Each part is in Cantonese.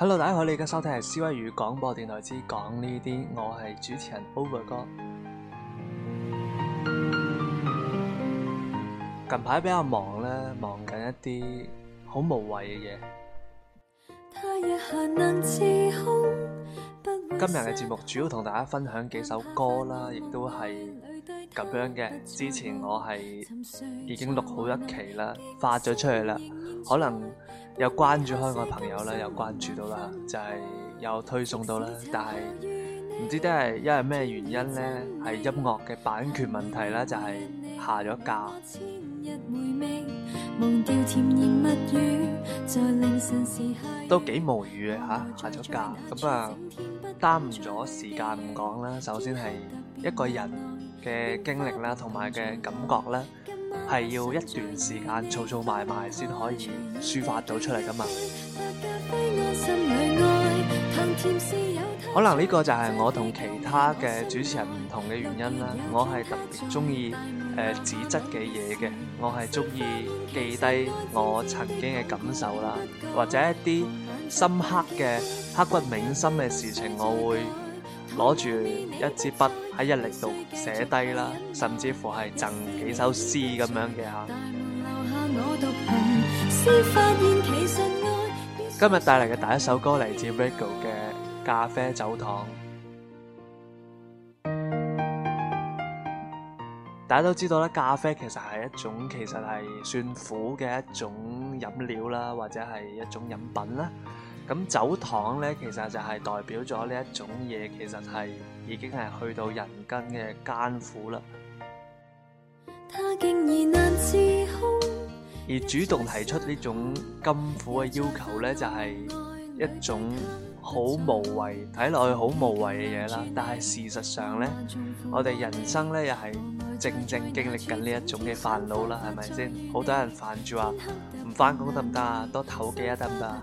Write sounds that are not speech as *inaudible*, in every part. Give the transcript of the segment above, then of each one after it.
Hello，大家好，你而家收聽係思威語廣播電台之講呢啲，我係主持人 Over 哥。近排比較忙咧，忙緊一啲好無謂嘅嘢。今日嘅節目主要同大家分享幾首歌啦，亦都係咁樣嘅。之前我係已經錄好一期啦，發咗出去啦，可能。有關注香港嘅朋友啦，有關注到啦，就係、是、有推送到啦，但係唔知都係因為咩原因呢？係音樂嘅版權問題啦，就係、是、下咗架，嗯、都幾無語嘅、啊、下咗架咁啊，耽誤咗時間唔講啦。首先係一個人嘅經歷啦，同埋嘅感覺啦。係要一段時間，儲儲埋埋先可以抒發到出嚟㗎嘛。可能呢個就係我同其他嘅主持人唔同嘅原因啦。我係特別中意，誒紙質嘅嘢嘅，我係中意記低我曾經嘅感受啦，或者一啲深刻嘅刻骨銘心嘅事情，我會攞住一支筆喺一力度寫低啦，甚至乎係贈幾首詩咁樣嘅吓。 *music* 今日帶嚟嘅第一首歌嚟自 Regal 嘅《咖啡走糖》。 *music* 大家都知道咧，咖啡其實係一種，其實係算苦嘅一種飲料啦，或者係一種飲品啦。咁走糖咧，其實就係代表咗呢一種嘢，其實係已經係去到人間嘅艱苦啦。而主動提出呢種艱苦嘅要求咧，就係一種好無謂睇落去好無謂嘅嘢啦。但係事實上咧，我哋人生咧又係正正經歷緊呢一種嘅煩惱啦，係咪先？好多人煩住話唔翻工得唔得啊？多唞幾日得唔得啊？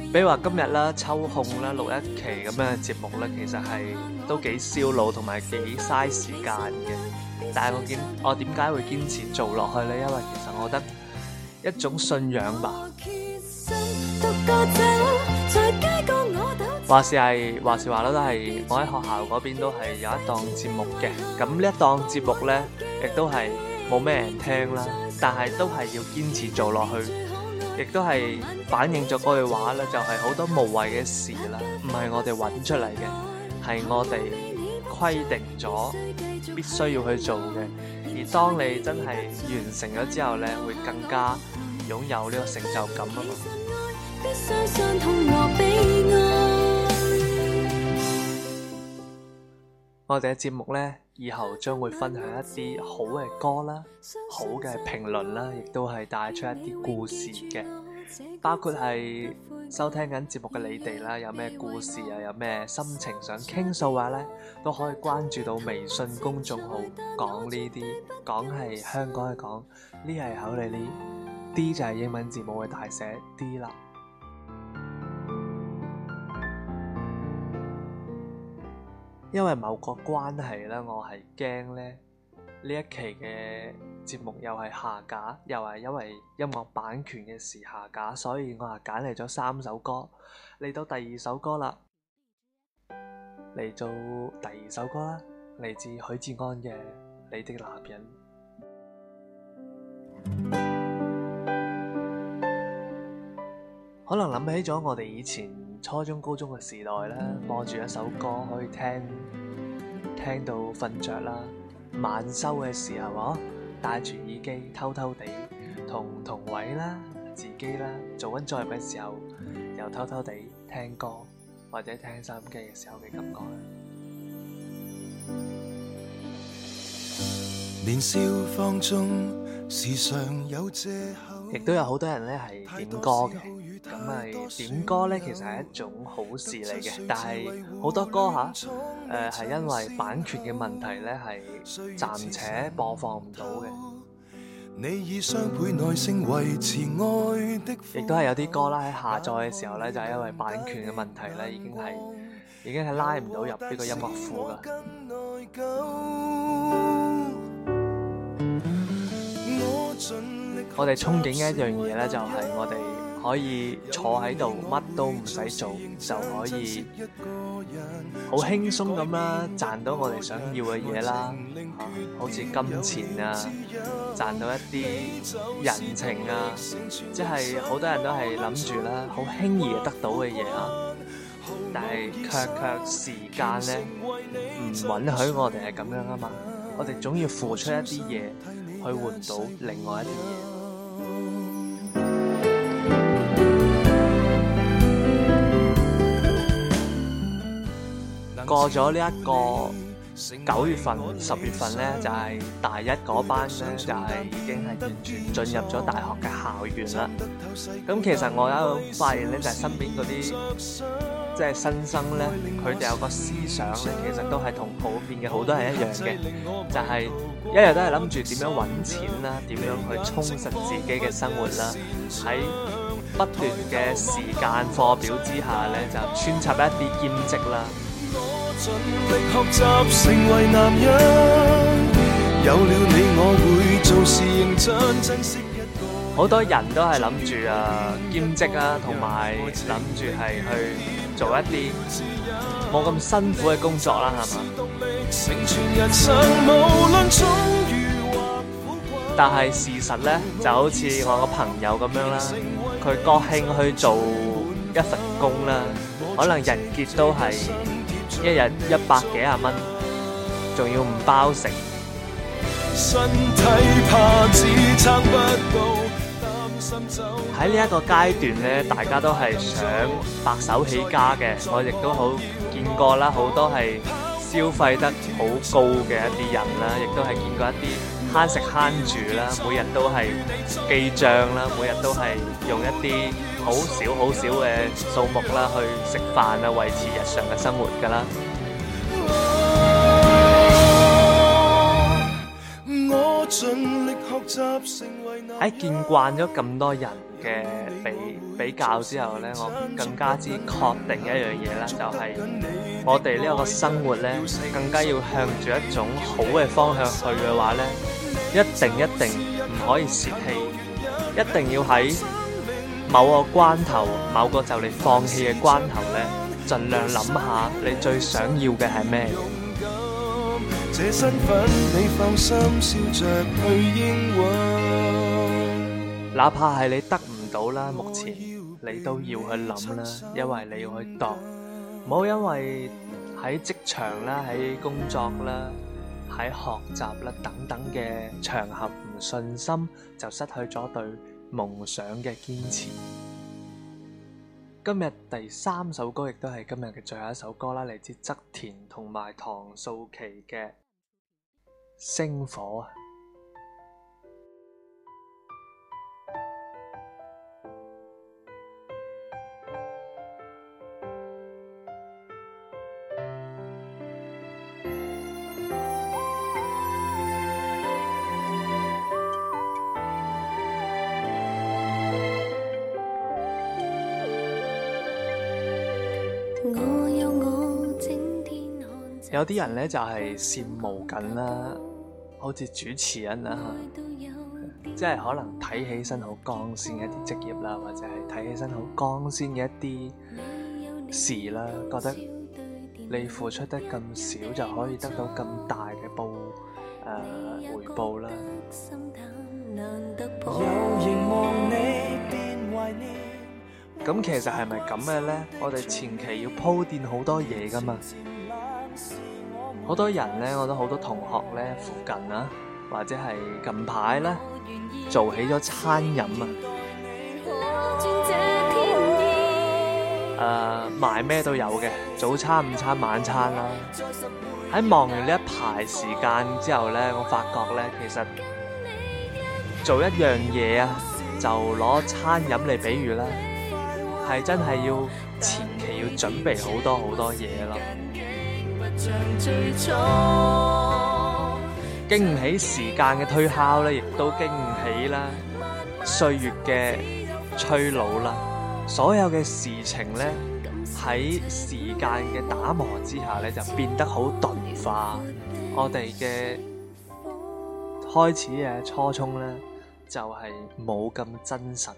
比如話今日啦，抽空啦錄一期咁樣嘅節目咧，其實係都幾燒腦同埋幾嘥時間嘅。但係我點我點解會堅持做落去咧？因為其實我覺得一種信仰吧。話時係話時話咯，都係我喺學校嗰邊都係有一檔節目嘅。咁呢一檔節目咧，亦都係冇咩人聽啦，但係都係要堅持做落去。亦都係反映咗嗰句話啦，就係、是、好多無謂嘅事啦，唔係我哋揾出嚟嘅，係我哋規定咗必須要去做嘅，而當你真係完成咗之後咧，會更加擁有呢個成就感啊嘛。 *music* 我哋嘅節目呢，以後將會分享一啲好嘅歌啦，好嘅評論啦，亦都係帶出一啲故事嘅，包括係收聽緊節目嘅你哋啦，有咩故事啊，有咩心情想傾訴話咧，都可以關注到微信公眾號港哩 D，港係香港嘅港，哩係口里哩，D 就係英文字母嘅大寫 D 啦。因為某個關係咧，我係驚咧呢一期嘅節目又係下架，又係因為音樂版權嘅事下架，所以我係揀嚟咗三首歌。嚟到第二首歌啦，嚟做第二首歌啦，嚟自許志安嘅《你的男人》，可能諗起咗我哋以前。初中、高中嘅時代咧，播住一首歌可以聽聽到瞓著啦。晚修嘅時候啊，戴住耳機偷偷地同同位啦、自己啦，做緊作業嘅時候又偷偷地聽歌或者聽收音機嘅時候嘅感覺咧。年少放縱時常有藉口。亦都有好多人咧係點歌嘅，咁係點歌咧其實係一種好事嚟嘅，但係好多歌嚇，誒、啊、係因為版權嘅問題咧係暫且播放唔到嘅。亦、嗯嗯嗯嗯、都係有啲歌啦喺下載嘅時候咧就係、是、因為版權嘅問題咧已經係已經係拉唔到入呢個音樂庫㗎。嗯嗯嗯嗯嗯我哋憧憬嘅一樣嘢咧，就係我哋可以坐喺度乜都唔使做，就可以好輕鬆咁啦，賺到我哋想要嘅嘢啦，好似金錢啊，賺到一啲人情啊，即係好多人都係諗住啦，好輕易得到嘅嘢啊，但係卻卻時間咧唔允許我哋係咁樣啊嘛，我哋總要付出一啲嘢去換到另外一啲嘢。過咗呢一個九月份、十月份咧，就係大一嗰班咧，就係已經係完全進入咗大學嘅校園啦。咁其實我有發現咧，就係身邊嗰啲即係新生咧，佢哋有個思想咧，其實都係同普遍嘅好多人一樣嘅，就係一日都係諗住點樣揾錢啦，點樣去充實自己嘅生活啦，喺不斷嘅時間課表之下咧，就穿插一啲兼職啦。好多人都係諗住啊兼職啊，同埋諗住係去做一啲冇咁辛苦嘅工作啦，係嘛？但係事實咧，就好似我個朋友咁樣啦，佢國慶去做一份工啦，可能日結都係。一日一百幾十蚊，仲要唔包食。喺呢一個階段咧，大家都係想白手起家嘅，我亦都好見過啦，好多係消費得好高嘅一啲人啦，亦都係見過一啲。慳食慳住啦，每日都係記帳啦，每日都係用一啲好少好少嘅數目啦，去食飯啊，維持日常嘅生活㗎啦、啊。我盡力學習成為喺、哎、見慣咗咁多人嘅比比較之後咧，我更加之確定一樣嘢咧，就係我哋呢一個生活咧，更加要向住一種好嘅方向去嘅話咧。一定一定唔可以洩氣，一定要喺某個關頭、某個就嚟放棄嘅關頭呢，盡量諗下你最想要嘅係咩？哪怕係你得唔到啦，目前你都要去諗啦，因為你要去搏，唔好因為喺職場啦，喺工作啦。喺學習啦等等嘅場合唔信心，就失去咗對夢想嘅堅持。今日第三首歌亦都係今日嘅最後一首歌啦，嚟自側田同埋唐素琪嘅《星火》啊！有啲人咧就係、是、羨慕緊啦，好似主持人啊， *noise* 即係可能睇起身好光鮮嘅一啲職業啦，或者係睇起身好光鮮嘅一啲事啦，覺得你付出得咁少就可以得到咁大嘅報誒、呃、回報啦。有望你咁其實係咪咁嘅咧？我哋前期要鋪墊好多嘢噶嘛。好多人咧，我覺得好多同學咧，附近啦、啊，或者係近排咧，做起咗餐飲啊，誒賣咩都有嘅，早餐、午餐、晚餐啦、啊。喺忙完呢一排時間之後咧，我發覺咧，其實做一樣嘢啊，就攞餐飲嚟比喻啦，係真係要前期要準備好多好多嘢咯。最初經唔起時間嘅推敲咧，亦都經唔起啦，歲月嘅催老啦，所有嘅事情咧，喺時間嘅打磨之下咧，就變得好鈍化。我哋嘅開始嘅初衷咧，就係冇咁真實。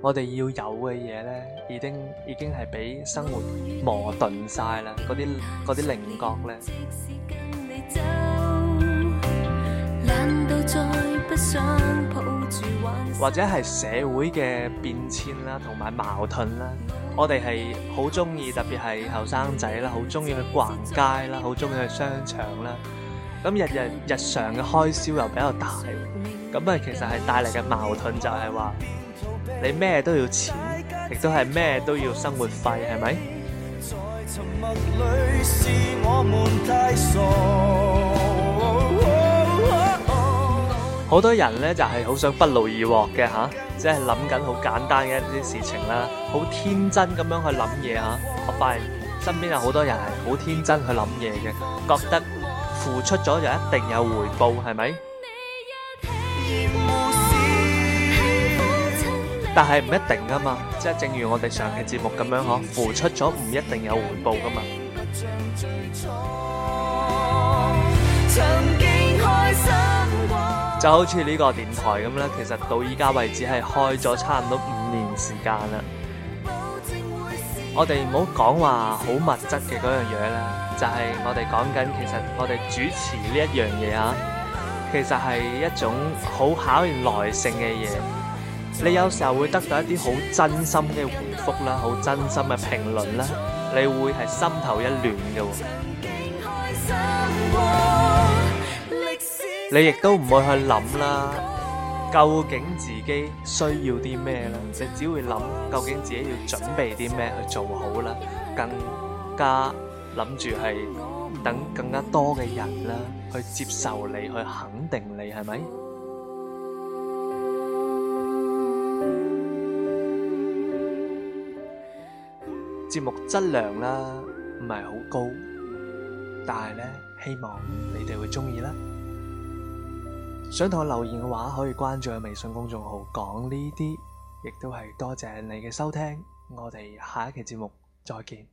我哋要有嘅嘢咧，已經已經係俾生活磨鈍晒啦。嗰啲嗰啲稜角咧，或者係社會嘅變遷啦，同埋矛盾啦。我哋係好中意，特別係後生仔啦，好中意去逛街啦，好中意去商場啦。咁日日日常嘅開銷又比較大，咁啊，其實係帶嚟嘅矛盾就係話。你咩都要錢，亦都係咩都要生活費，係咪？好 *music* 多人咧就係、是、好想不勞而獲嘅吓，即係諗緊好簡單嘅一啲事情啦，好天真咁樣去諗嘢吓。我發現身邊有好多人係好天真去諗嘢嘅，覺得付出咗就一定有回報，係咪？但係唔一定噶嘛，即係正如我哋上期節目咁樣嗬，啊、付出咗唔一定有回報噶嘛。 *music* 就好似呢個電台咁啦，其實到依家為止係開咗差唔多五年時間啦。 *music* 我哋唔好講話好物質嘅嗰樣嘢啦，就係、是、我哋講緊，其實我哋主持呢一樣嘢啊，其實係一種好考驗耐性嘅嘢。你有時候會得到一啲好真心嘅回覆啦，好真心嘅評論啦，你會係心頭一暖嘅。你亦都唔會去諗啦，究竟自己需要啲咩咧？你只會諗究竟自己要準備啲咩去做好啦，更加諗住係等更加多嘅人啦去接受你，去肯定你，係咪？節目質量啦，唔係好高。但係呢，希望你哋會鍾意啦。想同我留言嘅話，可以關注我微信公眾號講呢啲。亦都係多謝你嘅收聽。我哋下一期節目再見。